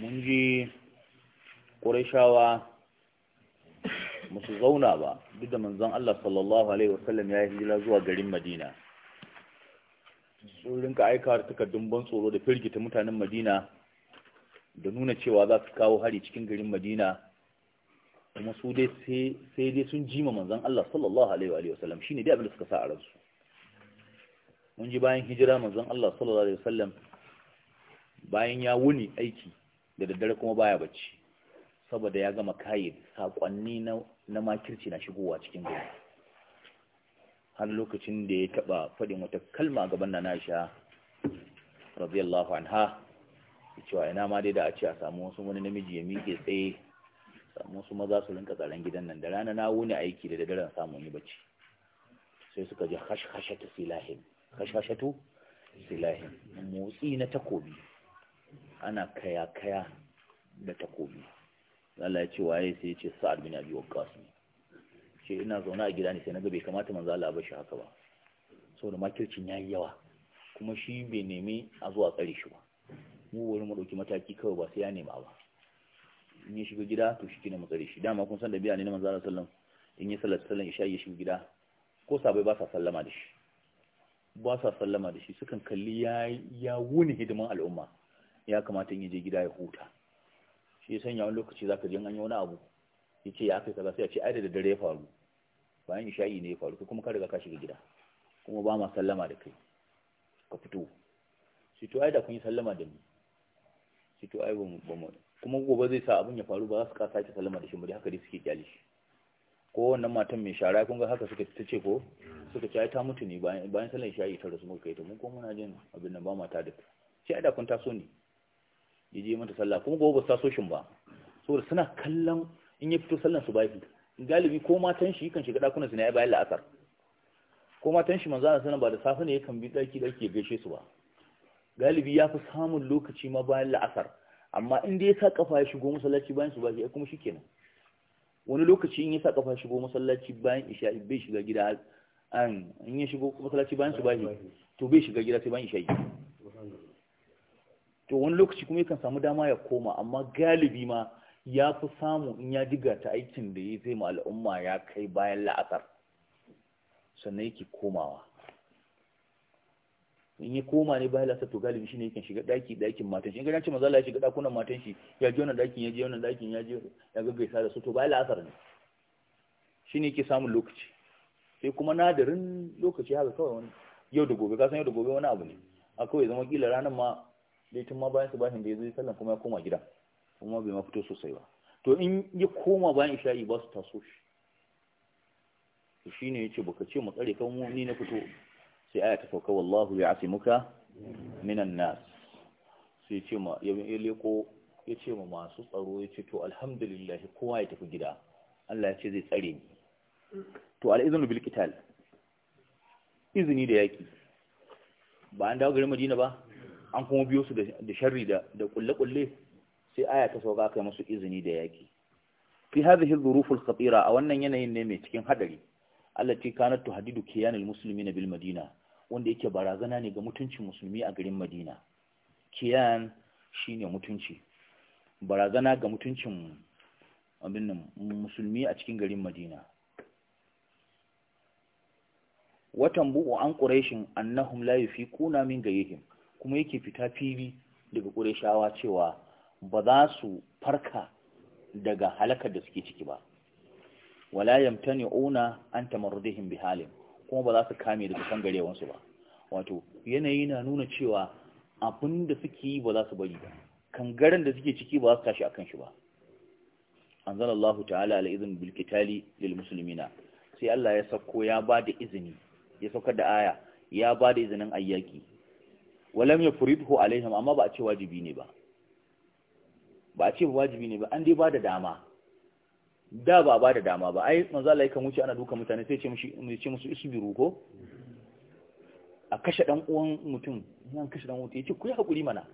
mun ji ƙurashawa musu zauna ba duk da manzon Allah sallallahu alaihi wasallam ya hijira zuwa garin Madina sun rinka aika da takardun ban tsoro da firgita mutanen Madina da nuna cewa za su kawo hari cikin garin Madina kuma su dai sai dai sun jima manzon Allah sallallahu alaihi wasallam ne dai abin da suka sa a ransu mun ji bayan hijira manzon Allah sallallahu alaihi wasallam bayan ya wuni aiki da daddare kuma baya bacci saboda ya gama kayin sakonni na makirci na shigowa cikin gari har lokacin da ya taɓa faɗin wata kalma gaban nan Aisha radiyallahu anha cewa ina ma dai da a ce a samu wasu wani namiji ya miƙe tsaye samu wasu maza su rinka tsaron gidan nan da rana na wuni aiki da daren samu yi bacci sai suka ji hashhashatu silahim hashhashatu silahim motsi na takobi ana kaya-kaya da takobi Allah ya ce waye sai ya ce sa'ad bin abi waqqas ne ce ina zaune a gida ne sai naga bai kamata manzo Allah ba shi haka ba saboda makircin yayi yawa kuma shi bai nemi a zuwa tsare shi ba mu wurin mu dauki mataki kawai ba sai ya nema ba in ya shiga gida to shi kina mu tsare shi dama kun san da biya ne na manzo Allah sallallahu in ya sallar sallar isha ya shiga gida ko sabai ba sa sallama da shi ba sa sallama da shi sukan kalli ya ya wuni hidiman al'umma ya kamata in je gida ya huta shi ya sanya wani lokaci zaka je an yi wani abu yace ya kai kaza sai ya ce ai da dare ya faru bayan isha'i ne ya faru kai kuma ka riga ka shiga gida kuma ba ma sallama da kai ka fito shi to ai da kun yi sallama da ni shi to ai ba mu kuma gobe zai sa abin ya faru ba za su ka sake sallama da shi ba haka dai suke kyale shi ko wannan matan mai shara kun ga haka suka ta ce ko suka ce ai ta mutu ne bayan bayan sallan isha'i ta rasu muka kai ta mun ko muna jin abin nan ba mata da ta ce ai da kun taso ne ya je mata sallah kuma gobe ba su shin ba saboda suna kallon in ya fito sallan su bayi galibi ko matan shi kan shiga dakunan su ne bayan la'asar ko matan shi manzo Allah ba da safe ne yakan bi daki daki ya gaishe su ba galibi ya fi samun lokaci ma bayan la'asar amma in dai ya sa kafa ya shigo masallaci bayan su shi kuma shikenan wani lokaci in ya sa kafa shigo masallaci bayan isha'i bai shiga gida an in ya shigo masallaci bayan su shi to bai shiga gida sai bayan isha'i to wani lokaci kuma yakan samu dama ya koma amma galibi ma ya fi samu in ya diga ta aikin da ya zai ma al'umma ya kai bayan la'asar sannan yake komawa in ya koma ne bayan la'asar to galibi shi ne yakan shiga daki dakin matan shi in gani ce mazala ya shiga dakunan matan shi ya je wannan dakin ya je wannan dakin ya je ya gaggaisa da su to bayan la'asar ne shi ne yake samun lokaci sai kuma nadarin lokaci haka kawai wani yau da gobe kasan yau da gobe wani abu ne a kawai zama kila ranar ma dai tun ma bayan su bashin da ya zai sallan kuma ya koma gida kuma bai ma fito sosai ba to in ya koma bayan isha'i ba su taso shi to ya ce baka ce mu tsare kan ni na fito sai aya ta sauka wallahu ya muka minan nas sai ce ma ya leko ma masu tsaro ya ce to alhamdulillah kowa ya tafi gida Allah ya ce zai tsare ni to al-iznu bil qital izini da yaki ba an dawo garin Madina ba an kuma biyo su da sharri da kulle-kulle sai aya ta sauka kai musu izini da yaki fi hadhihi al khatira a wannan yanayin ne mai cikin hadari Allah ce tu hadidu kiyan al muslimin bil madina wanda yake barazana ne ga mutuncin musulmi a garin madina kiyan shine mutunci barazana ga mutuncin abin nan musulmi a cikin garin madina watan bu'u an quraishin annahum la yufiquna min gayhim kuma yake fita fili daga ƙureshawa cewa ba za su farka daga halakar da suke ciki ba wala yamtani una an tamarrudihim bihalin kuma ba za su kame daga garewansu ba wato yanayi na nuna cewa abin da suke yi ba za su bari ba kangaren da suke ciki ba za su tashi akan shi ba anzalallahu ta'ala ala izin bilkitali lil musulmina sai Allah ya sauko ya ba da izini ya saukar da aya ya ba da izinin ayyaki walam ya furidhu alaihim amma ba a ce wajibi ne ba ba a ce wajibi ne ba an dai ba da dama da ba ba da dama ba ai manzo Allah yakan wuce ana duka mutane sai ce mushi mu ce musu isbiru ko a kashe dan uwan mutum nan kashe dan uwan yace ku yi hakuri mana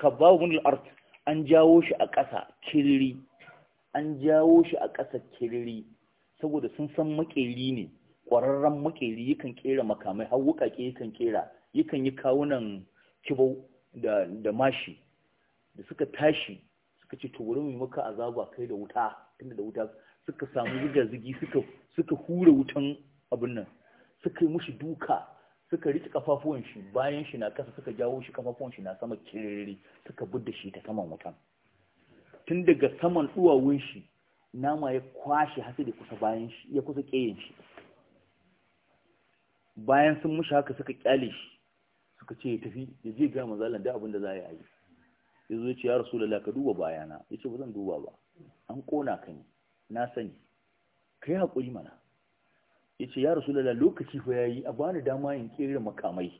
khababu bin al-ard an jawo shi a ƙasa kirri an jawo shi a ƙasa kirri saboda sun san makeri ne ƙwararren makeri yakan kera makamai har wukake yakan kera yakan yi kawunan kibo da, da mashi da suka tashi suka ce to bari mu maka azaba kai da wuta tunda da wuta suka samu zigazigi suka suka hura wutan abin nan suka yi mushi duka suka rike kafafuwan shi bayan shi na kasa suka jawo shi kafafuwan shi na sama kiriri suka budda shi ta saman wutan tun daga saman duwawun shi nama ya kwashe hasi da kusa bayan shi ya kusa keyin shi bayan sun mushi haka suka kyale shi suka ce ya tafi ya je ga manzo Allah da abin da za ya yi ya zo ce ya rasulullah ka duba bayana ce ba zan duba ba an kona ka ne na sani kai hakuri mana Ya ce ya rasulullah lokaci fa yayi a bani dama in kire makamai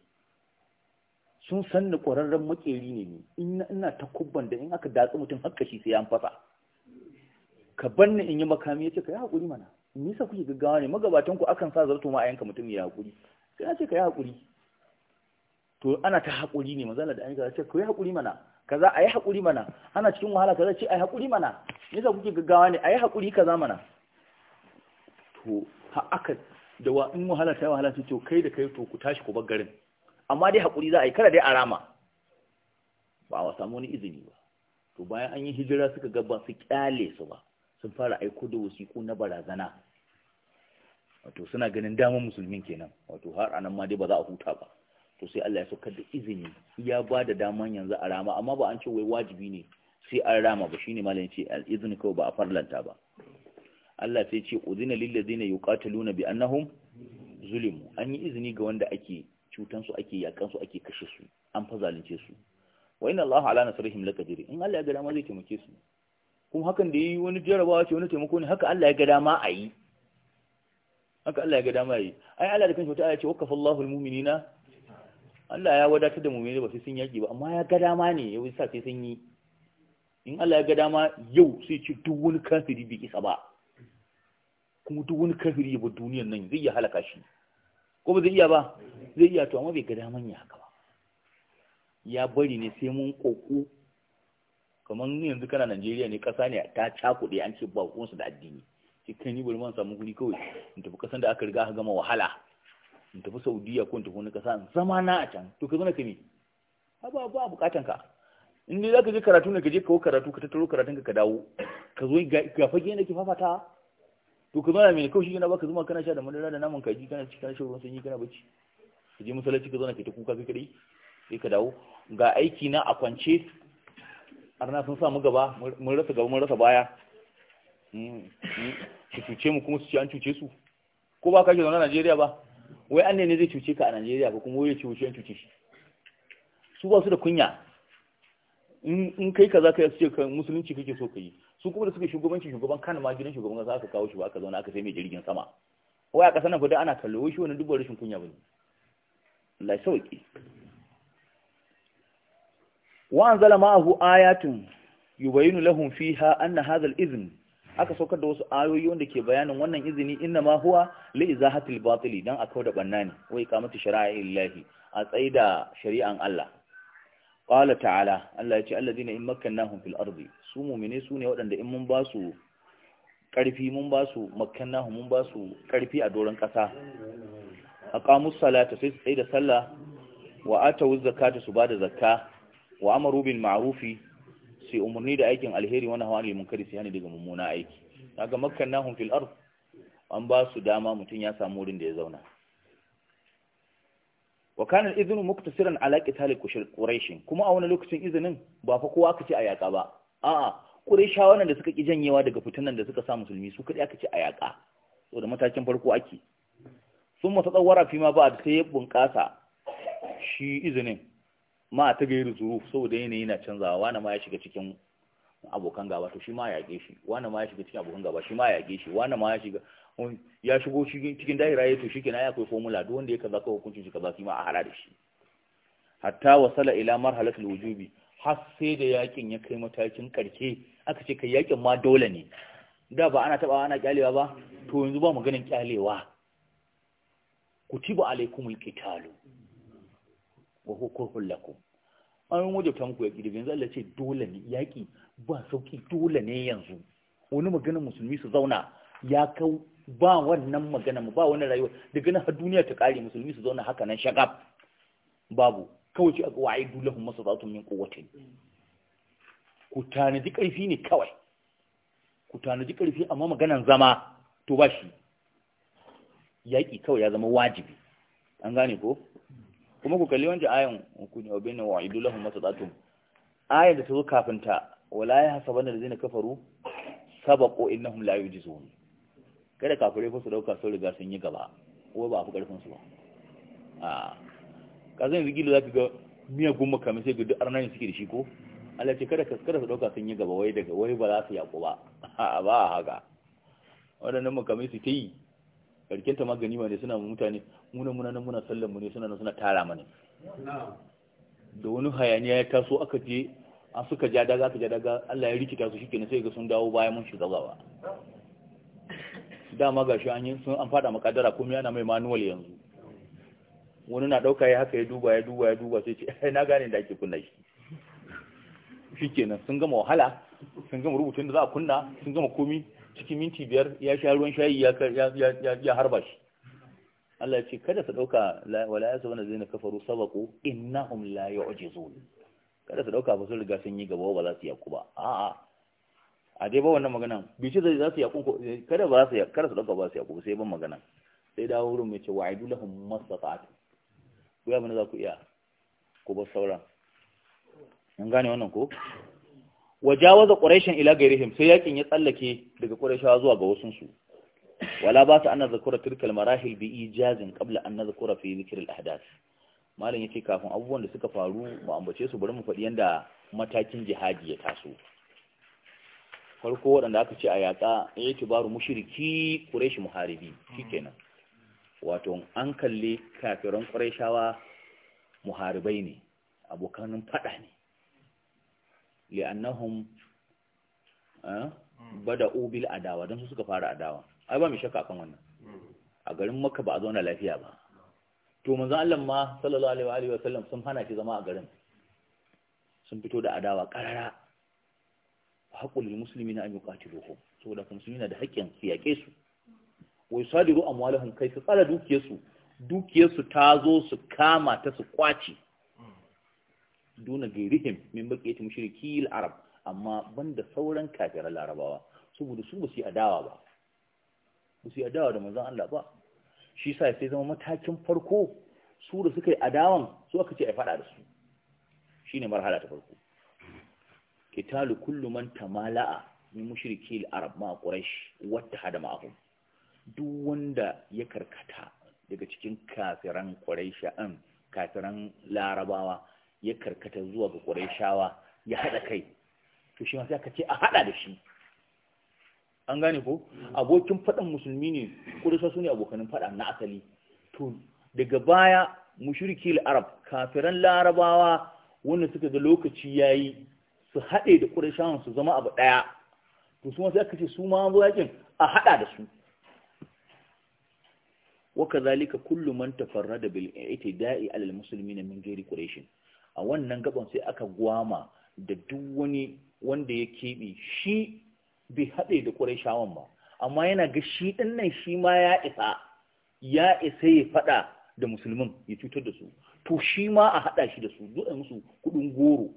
sun san ni ƙwararren makeri ne ni ina ta kubban da in aka datsi mutum haka shi sai ya fasa ka ban ni in yi makami ya ce ka yi haƙuri mana nisa kuke gaggawa ne magabatan ku akan sa zarto ma a yanka mutum ya haƙuri sai ya ce ka yi haƙuri to ana ta hakuri ne manzala da ga ce ku yi hakuri mana kaza ayi hakuri mana ana cikin wahala kaza ce a yi haƙuri mana nisa kuke gaggawa ne ayi hakuri kaza mana to ha aka da wa in wahala sai wahala su to kai da kai to ku tashi ku bar garin amma dai hakuri za a yi kada dai a rama ba wa samu wani izini ba to bayan an yi hijira suka ga ba su kyale su ba sun fara aiko da wasiƙu na barazana wato suna ganin damar musulmin kenan wato har anan ma dai ba za a huta ba to sai Allah ya saukar da izini ya ba da daman yanzu a rama amma ba an ce wai wajibi ne sai an rama ba shine malam ce izini kawai ba a farlanta ba Allah sai ce udina lil ladina yuqataluna bi annahum zulimu an yi izini ga wanda ake cutan su ake yakan su ake kashe su an fa zalunce su wa inna Allah ala nasrihim laqadir in Allah ya ga dama zai taimake su kuma hakan da yi wani jarabawa ce wani taimako ne haka Allah ya ga dama a yi haka Allah ya ga dama yi ai Allah da kanshi wata aya ce wakafa Allahul mu'minina Allah ya wadatar da mummuni ba sai sun yaki ba amma ya ga dama ne ya sa sai sun yi in Allah ya ga dama yau sai ci duk wani kafiri bi isa ba kuma duk wani kafiri ba duniyar nan zai iya halaka shi ko ba zai iya ba zai iya to amma bai ga dama ya haka ba ya bari ne sai mun koko kamar yanzu kana Najeriya ne kasa ne ta cakuɗe an ce ba da addini sai kai ni bari samu guri kawai in tafi kasan da aka riga aka gama wahala in tafi saudiya ko in tafi wani kasa zama na a can to ka zo na ka ne ba ba bukatan ka in dai zaka je karatu ne ka je kawo karatu ka tattaro karatun ka ka dawo ka zo ga fage ne ki fafata to ka zo na me kawai shi yana baka zuma kana sha da madara da naman kaji kana ci kana shan sun yi kana bacci ka je masallaci ka zo na kai ta kuka kai kadai sai ka dawo ga aiki na a kwance arna sun mu gaba mun rasa gaba mun rasa baya hmm, hmm. su cuce mu kuma su ci an cuce su ko ba ka ke zaune a Najeriya ba wai an ne zai cuce ka a Najeriya ko kuma wai cuce an cuce shi su ba su da kunya in kai ka za ka ce ka musulunci kake so ka yi su kuma da suke shugabanci shugaban kana ma gidan shugaban za ka kawo shi ba ka zauna aka sai mai jirgin sama wai a kasar nan fa ana kallo wai shi wani dubbar rashin kunya bane Allah ya sauki. wa anzala ma'ahu ayatun yubayinu lahum fiha anna hadha al-izn aka saukar da wasu ayoyi wanda ke bayanin wannan izini inna ma huwa li izahatil batili dan akau da banna ne wai kamata shari'a illahi a tsaida shari'an Allah qala ta'ala Allah ya ce allazina in makkannahum fil ardi su mu'mine su ne waɗanda in mun ba su karfi mun ba su makkannahum mun ba su karfi a doron ƙasa aqamus salata sai su da sallah wa atawuz zakata su ba da zakka wa amaru bil ma'rufi sai umarni da aikin alheri wani hawa ne munkari sai hani daga mummuna aiki makkan makkannahum fil ard an ba su dama mutum ya samu wurin da ya zauna wa kana idhnu muktasiran ala qital quraish kuma a wani lokacin izinin ba fa kowa kace a yaka ba a'a quraishawa nan da suka ki janyewa daga fitinan da suka sa musulmi su kadai aka ce a yaka saboda matakin farko ake sun mata tsawara fi ma ba da sai ya bunkasa shi izinin ma ta yi zuruf saboda yanayi na canzawa wani ma ya shiga cikin abokan gaba to shi ma ya yage shi wani ma ya shiga cikin abokan gaba shi ma ya yage shi wani ma ya shiga ya shigo cikin daira ya to shi kenan ya kai formula duk wanda ya kaza ka hukuncin shi kaza shi ma a hada da shi hatta wasala ila marhalatul wujubi har sai da yakin ya kai matakin karke aka ce kai yakin ma dole ne da ba ana taba ana kyalewa ba to yanzu ba maganin kyalewa kutiba alaikumul qitalu wa hukurhun lakum an yi muku tanku ya yanzu Allah ce dole ne yaƙi ba sauƙi dole ne yanzu wani maganar musulmi su zauna ya kau ba wannan magana ba wani rayuwa daga nan har duniya ta kare musulmi su zauna haka nan shagab babu kawai ce aka wa'ai dulahum masazatun min kowace ku tanadi ƙarfi ne kawai ku tanadi ƙarfi amma maganan zama to ba shi yaƙi kawai ya zama wajibi an gane ko kuma ku kalli wancan ayan ku ne obin na wa'idu lahum masadatum ayan da ta zo kafin ta wala ya hasaban da kafaru sabaqu innahum la yujizun kada kafire ko su dauka sun riga sun yi gaba ko ba fi karfin su ba a kazan yanzu gilo zaka ga miya gumma kamar sai ga duk arnani suke da shi ko Allah ce kada kaskara su dauka sun yi gaba wai daga wai ba za su yako ba a ba haka wadannan makamai su ta yi karken ta magani ne suna mutane muna muna nan muna sallar mu ne suna suna tara mana da wani hayaniya ya taso aka je an suka ja daga aka ja daga Allah ya rikita su shikenan sai ga sun dawo bayan mun shiga gaba dama gashi an yi sun an fada makadara komai ana mai manual yanzu wani na dauka ya haka ya duba ya duba ya duba sai ce ai eh, na gane da ake kunna shi shikenan sun gama wahala sun gama rubutun da za a kunna sun gama komi cikin minti biyar ya sha ruwan shayi ya harba shi Allah ce kada su ɗauka wala ya sabana zai na kafaru sabaku innahum la yu'jizun kada su ɗauka ba sun riga sun yi gaba ba za su yaku ba a'a a dai ba wannan maganan. bishi zai za su yaku ko kada ba za su kada su ɗauka ba su yaku sai ban maganan. sai dawo wurin mai ce wa'idu lahum masafat ku ya mana za ku iya ku ba sauran an gane wannan ko wajawaza quraishan ila gairihim sai yakin ya tsallake daga quraishawa zuwa ga wasun su wala ba ta anna zakura tilkal marahil bi ijazin qabla an nazkura fi zikr al ya ce yace kafin abubuwan da suka faru mu ambace su bari mu faɗi yanda matakin jihadi ya taso farko waɗanda aka ce a yaƙa ya ci baru mushiriki ƙureshi muharibi shi kenan wato an kalli kafiran ƙureshawa muharibai ne abokanin faɗa ne li'annahum bada'u bil adawa don su suka fara adawa ai ba mu shakka akan wannan a garin makka ba a zauna lafiya ba to manzo Allah ma sallallahu alaihi wa sallam sun hana shi zama a garin sun fito da adawa karara haqqul muslimina an yuqatiluhum saboda kuma sun yana da haƙƙin su yaƙe su wai sadiru amwaluhum kai su tsara dukiyarsu dukiyarsu ta zo su kama ta su kwaci duna gairihim min baqiyati mushrikil arab amma banda sauran kafiran larabawa saboda su ba yi adawa ba ba su yi adawa da manzon Allah ba shi sa sai zama matakin farko su da suka yi adawan su aka ce a fada da su shine marhala ta farko kitalu kullu man tamala'a min mushrikil arab ma quraish wata hada ma ma'ahum duk wanda ya karkata daga cikin kafiran quraisha an kafiran larabawa ya karkata zuwa ga shawa ya haɗa kai to shi masu sai aka ce a haɗa da shi an gane ko abokin faɗin musulmi ne ƙurayshawa su ne abokanin faɗa na asali to daga baya mushriki arab kafiran larabawa wanda suka ga lokaci ya yi, su haɗe da shawar su zama abu ɗaya to su masu sai aka ce su ma yakin a haɗa da su kullum da كل من تفرد بالاعتداء على na min غير قريش a wannan gaban sai aka gwama da duk wani wanda ya keɓe shi bai haɗe da shawon ba amma yana ga shi ɗin nan shi ma ya isa ya isa ya faɗa da musulmin ya cutar da su to shi ma a haɗa shi da su duk musu kuɗin goro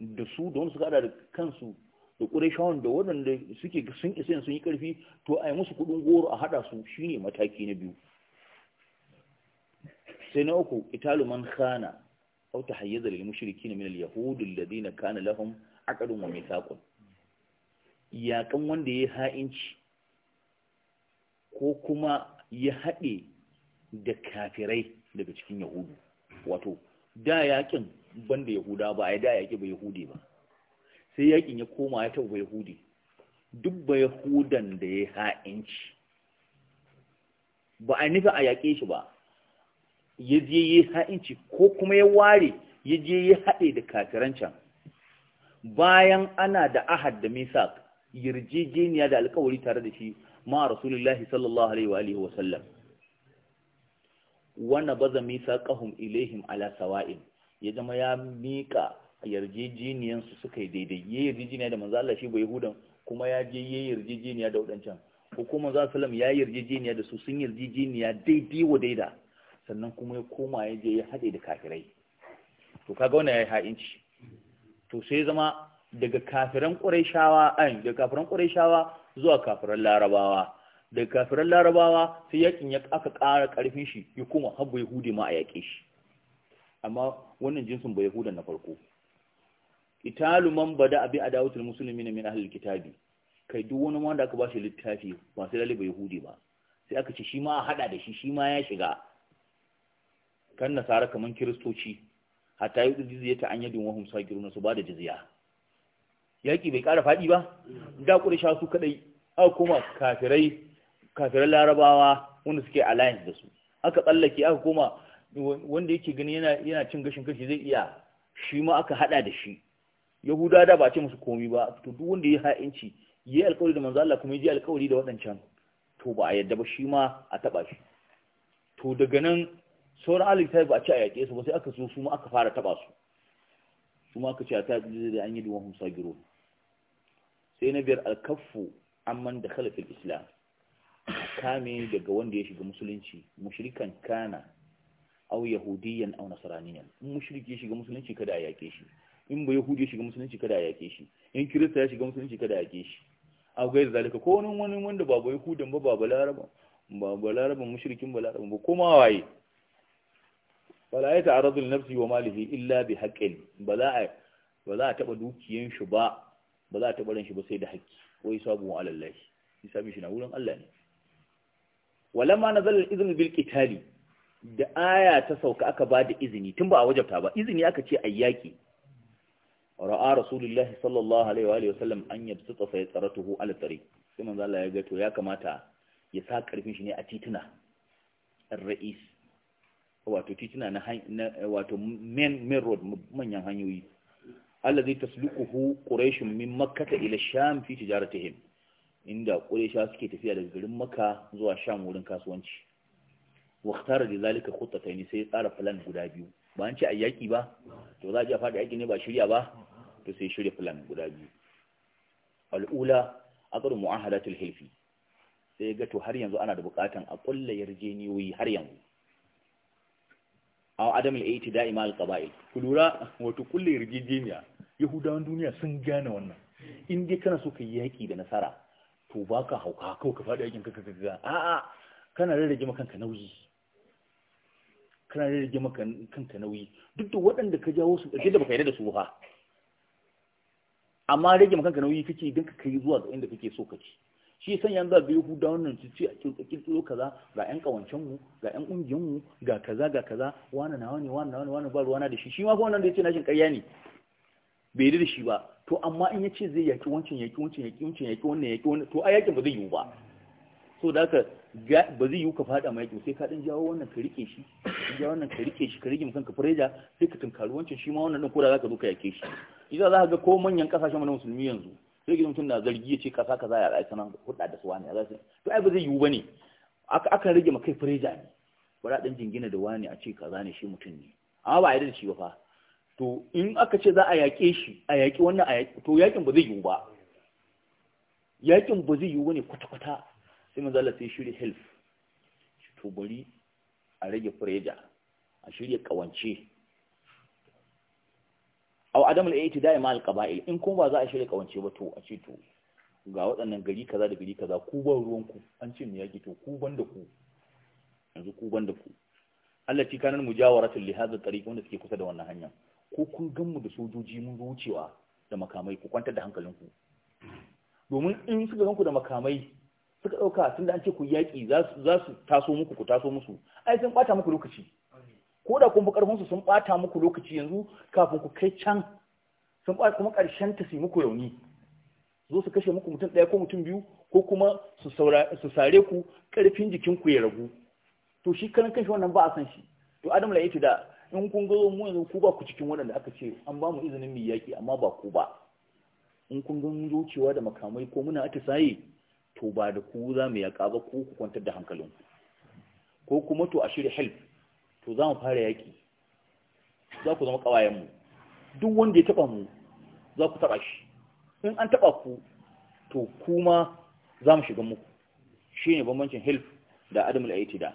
da su da wani suka haɗa da kansu da shawon da waɗanda suke sun isa yin sun yi ƙarfi to a yi musu kuɗin goro a haɗa su shine mataki na biyu sai na uku man khana أو تحيز للمشركين من اليهود الذين كان لهم عقد وميثاق ya kan wanda ya ha'inci ko kuma ya haɗe da kafirai daga cikin yahudu wato da yakin banda yahuda ba ya da yaki ba yahudi ba sai yakin ya koma ya taba yahudi duk ba yahudan da ya ha'inci ba a nufi a yaƙe shi ba ya je yi ha'inci ko kuma ya ware ya je ya haɗe da kafiran can bayan ana da ahad da misak yarjejeniya da alkawari tare da shi ma rasulullahi sallallahu alaihi wa sallam wana baza misakahum ilaihim ala sawa'in ya zama ya mika Yarjejeniyansu suka yi daidai ya yarjejeniya da manzo Allah shi bai yahudan kuma ya je ya yarjejeniya da wadancan hukumar za lam ya yarjejeniya da su sun yarjejeniya daidai wa daidai. sannan kuma ya koma ya je ya haɗe da kafirai to kaga wannan yayi ha'inci to sai zama daga kafiran ƙurayshawa an daga kafiran ƙurayshawa zuwa kafiran larabawa daga kafiran larabawa sai yakin ya aka ƙara ƙarfin shi ya koma habba yahudi ma a yaƙe shi amma wannan jinsin ba yahuda na farko italu man bada abi adawatul muslimina min ahlil kitabi kai duk wani wanda aka ba shi littafi ba sai lalle ba yahudi ba sai aka ce shi ma a haɗa da shi shi ma ya shiga kan nasara kaman kiristoci hatta yi jizya ta an yadin wahum sagiruna su ba da jiziya. yaki bai ƙara faɗi ba da sha su kadai aka koma kafirai kafirai larabawa wanda suke alliance da su aka tsallake aka koma wanda yake gani yana yana cin gashin kashi zai iya shi ma aka hada da shi yahuda da ba ce musu komi ba to duk wanda ya ha'inci yi alƙawari da manzo Allah kuma ji alƙawari da waɗancan to ba a yadda ba shi ma a taba shi to daga nan sauran alif ta ba a ci a yaƙe su ba sai aka so su ma aka fara taɓa su su ma aka ce a ta yi da an yi duwan hamsa giro sai na biyar alkafu amman da khalifin islam kame daga wanda ya shiga musulunci mushrikan kana au yahudiyan au Nasaraniyan. in mushriki ya shiga musulunci kada a yaƙe shi in ba yahudi ya shiga musulunci kada a yaƙe shi in kirista ya shiga musulunci kada a yaƙe shi a gaiza zalika ko wani wani wanda ba ba yahudan ba ba laraba ba balaraban mushrikin laraba ba koma waye wala ya ta'arradu li nafsi wa malihi illa bi haqqin ba za a ba za a taba dukiyan shi ba ba za a taba ran shi ba sai da haƙƙi wai sabu ala Allah hisabi shi na wurin Allah ne wala ma nazal al-izn bil qitali da aya ta sauka aka ba da izini tun ba a wajabta ba izini aka ce ayyaki ra'a rasulullah sallallahu alaihi wa sallam an yabsuta fa yataratuhu ala tariq sai manzo Allah ya ga to ya kamata ya sa karfin shi ne a tituna ar-ra'is wato titina na wato main main road manyan hanyoyi allazi tasluquhu quraish min makkah ila sham fi tijaratihim inda quraisha suke tafiya daga garin makka zuwa sham wurin kasuwanci Waqtar da zalika khuttatayn sai tsara plan guda biyu ba an ce ayyaki ba to za a ji a faɗi ne ba shirya ba to sai shirya plan guda biyu al'ula aqru mu'ahadatul hilfi sai ga to har yanzu ana da bukatan a kulla yarjeniyoyi har yanzu a adam al-i'tida'i ma al-qaba'il ku lura wato kulle yarjejeniya yahudawan duniya sun gane wannan in dai kana so kai yaki da nasara to baka hauka ko ka fadi yakin ka kaga ga a kana rarrage maka kanka nauyi kana rarrage maka kanka nauyi duk da waɗanda ka jawo su da baka yarda da su ba amma rage maka kanka nauyi kake idan ka kai zuwa ga inda kake so kake shi san yanzu hudu yahuda wannan su ce a tsoro kaza ga yan kawancen mu ga yan ungiyan mu ga kaza ga kaza wani na wani wani na wani wani ba na da shi shi ma ko wannan da ya na nashin ƙarya ne bai yi da shi ba to amma in ce zai yaki wancan yaki wancan yaki wancan yaki wannan yaki wannan to a yakin ba zai yiwu ba so da haka ba zai yiwu ka faɗa ma yaki sai ka ɗan jawo wannan ka riƙe shi ka jawo wannan ka riƙe shi ka rike musan ka fureja sai ka tunkari wancan shi ma wannan din ko da ka zo ka yake shi idan za ka ga ko manyan ƙasashen mu na musulmi yanzu sai gidan mutum na zargi ya ce kasa za a rayu sanan hudda da suwa ne a su to ai ba zai yiwu ba ne aka rage ma kai ba ne bara ɗan jingina da wani a ce za ne shi mutum ne amma ba a yi da shi ba fa to in aka ce za a yaƙe shi a yaƙi wannan a yaƙi to yaƙin ba zai yiwu ba yaƙin ba zai yiwu ba ne kwata-kwata sai mun zala sai shirya health to bari a rage fureja a shirya kawance aw adam al-i'tida'i ma al-qaba'il in kun ba za a shirya kawance ba to a ce to ga waɗannan gari kaza da gari kaza ku ban ruwan ku an ce mu yaki to ku ban da ku yanzu ku ban da ku Allah ci kanan mujawaratu li hadha tariq wanda suke kusa da wannan hanya ko kun gan mu da sojoji mun zo wucewa da makamai ku kwantar da hankalinku domin in suka ganku da makamai suka dauka tunda an ce ku yaki za su taso muku ku taso musu ai sun bata muku lokaci ko da kuma fi sun ɓata muku lokaci yanzu kafin ku kai can sun ɓata kuma ƙarshen ta su muku yauni zo su kashe muku mutum ɗaya ko mutum biyu ko kuma su sare ku ƙarfin jikinku ya ragu to shi kan kanshi wannan ba a san shi to adam la yace da in kun ga mu yanzu ku ba ku cikin waɗanda aka ce an ba mu izinin mu yaƙi amma ba ku ba in kun ga mun da makamai ko muna atisaye to ba da ku za mu yaka ba ko ku kwantar da hankalin. ko kuma to a shirya help to za mu fara yaƙi za ku zama mu duk wanda ya taɓa mu za ku taɓa shi in an taɓa ku to kuma za mu shiga muku shi ne bambancin hilf da adamul aiti da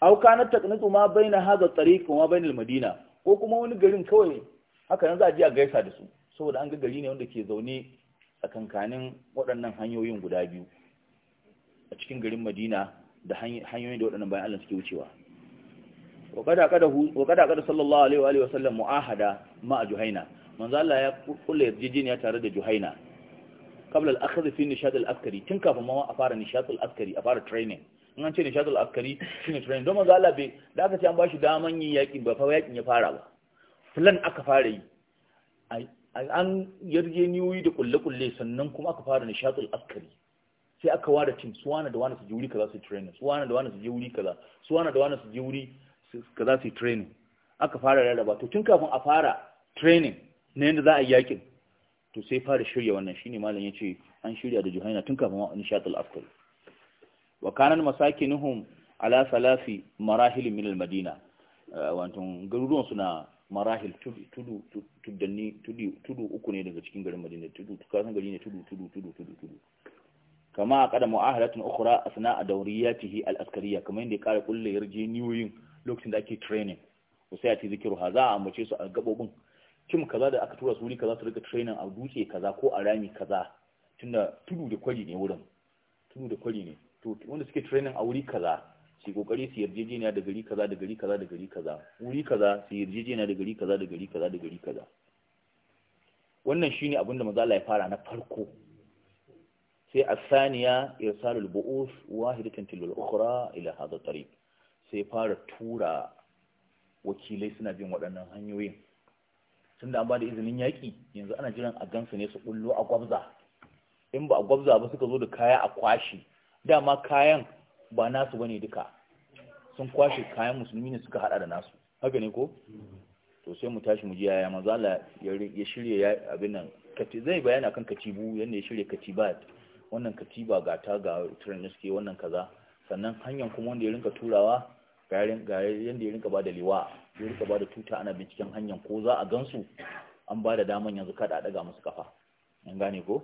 na taknitu ma bai na haza tsari kuma bai madina ko kuma wani garin kawai haka nan za a ji a gaisa da su saboda an ga gari ne wanda ke zaune tsakankanin waɗannan hanyoyin guda biyu a cikin garin madina da hanyoyin da waɗannan bayan allah suke wucewa وقد أقد صلى الله عليه وآله وسلم معاهدة مع جهينة من ذا الله يقول يتججين يتارد جهينة قبل الأخذ في النشاط الأفكري تنكا فما أفار النشاط الأفكري أفار ترينين in an ce nishadul afkari shine training don manzo Allah bai da aka ce an bashi daman yin yakin ba fa yakin ya fara ba filan aka fara yi an yarje niyoyi da kulle-kulle sannan kuma aka fara nishatul askari sai aka ware team suwana da wani su je wuri kaza su training suwana da wani su je wuri kaza suwana da wani su je wuri ka za su yi training aka fara rarraba to tun kafin a fara training na yadda za a yi yakin to sai fara shirya wannan shine malam ya ce an shirya da juhaina tun kafin wa nishat al-afkari wa kanan masakinuhum ala salafi marahil min al-madina eh, wantun garuruwan suna marahil tudu tudanni tudu tudu uku ne daga cikin garin madina tudu kasan gari ne tudu tudu tudu tudu tudu kama a kada mu'ahalatun ukhra asna dawriyatihi al-askariya kamar yadda ya kara kulle yarjeniyoyin lokacin da ake training ko sai a ce zikiru ha za a ambace su a gabobin kim kaza da aka tura su wuri kaza su rika training a dutse kaza ko a rami kaza tunda tudu da kwari ne wurin tudu da kwari ne to wanda suke training a wuri kaza su kokari su yarjejeniya da gari kaza da gari kaza da gari kaza wuri kaza su yarjejeniya da gari kaza da gari kaza da gari kaza wannan shine abin da mazala ya fara na farko sai asaniya irsalul bu'us wahidatan tilal ukhra ila hadha tariq sai fara tura wakilai suna bin waɗannan hanyoyin tun da an ba da izinin yaƙi yanzu ana jiran a gansu ne su ɓullo a gwabza in ba a gwabza ba suka zo da kaya a kwashe dama kayan ba nasu bane duka sun kwashe kayan musulmi ne suka hada da nasu haka ne ko to sai mu tashi mu ji yaya mazala ya shirya ya abin nan kati zai bayana kan katibu yanda ya shirya katiba wannan katiba ga ta ga turan suke wannan kaza sannan hanyar kuma wanda ya rinka turawa ga yadda ya rinka ba da liwa ya rinka ba da tuta ana binciken hanyar ko za a gansu an ba da daman yanzu kada a daga musu kafa an gane ko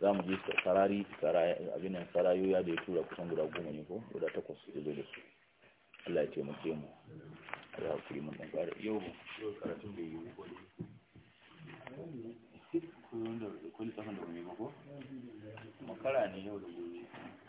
za mu je sarari abin nan ya da ya tura kusan guda goma ne ko guda takwas ya zo da su Allah ya taimake mu Allah ya kuri mun dan yau karatun bai yi ko ne makara ne yau da gobe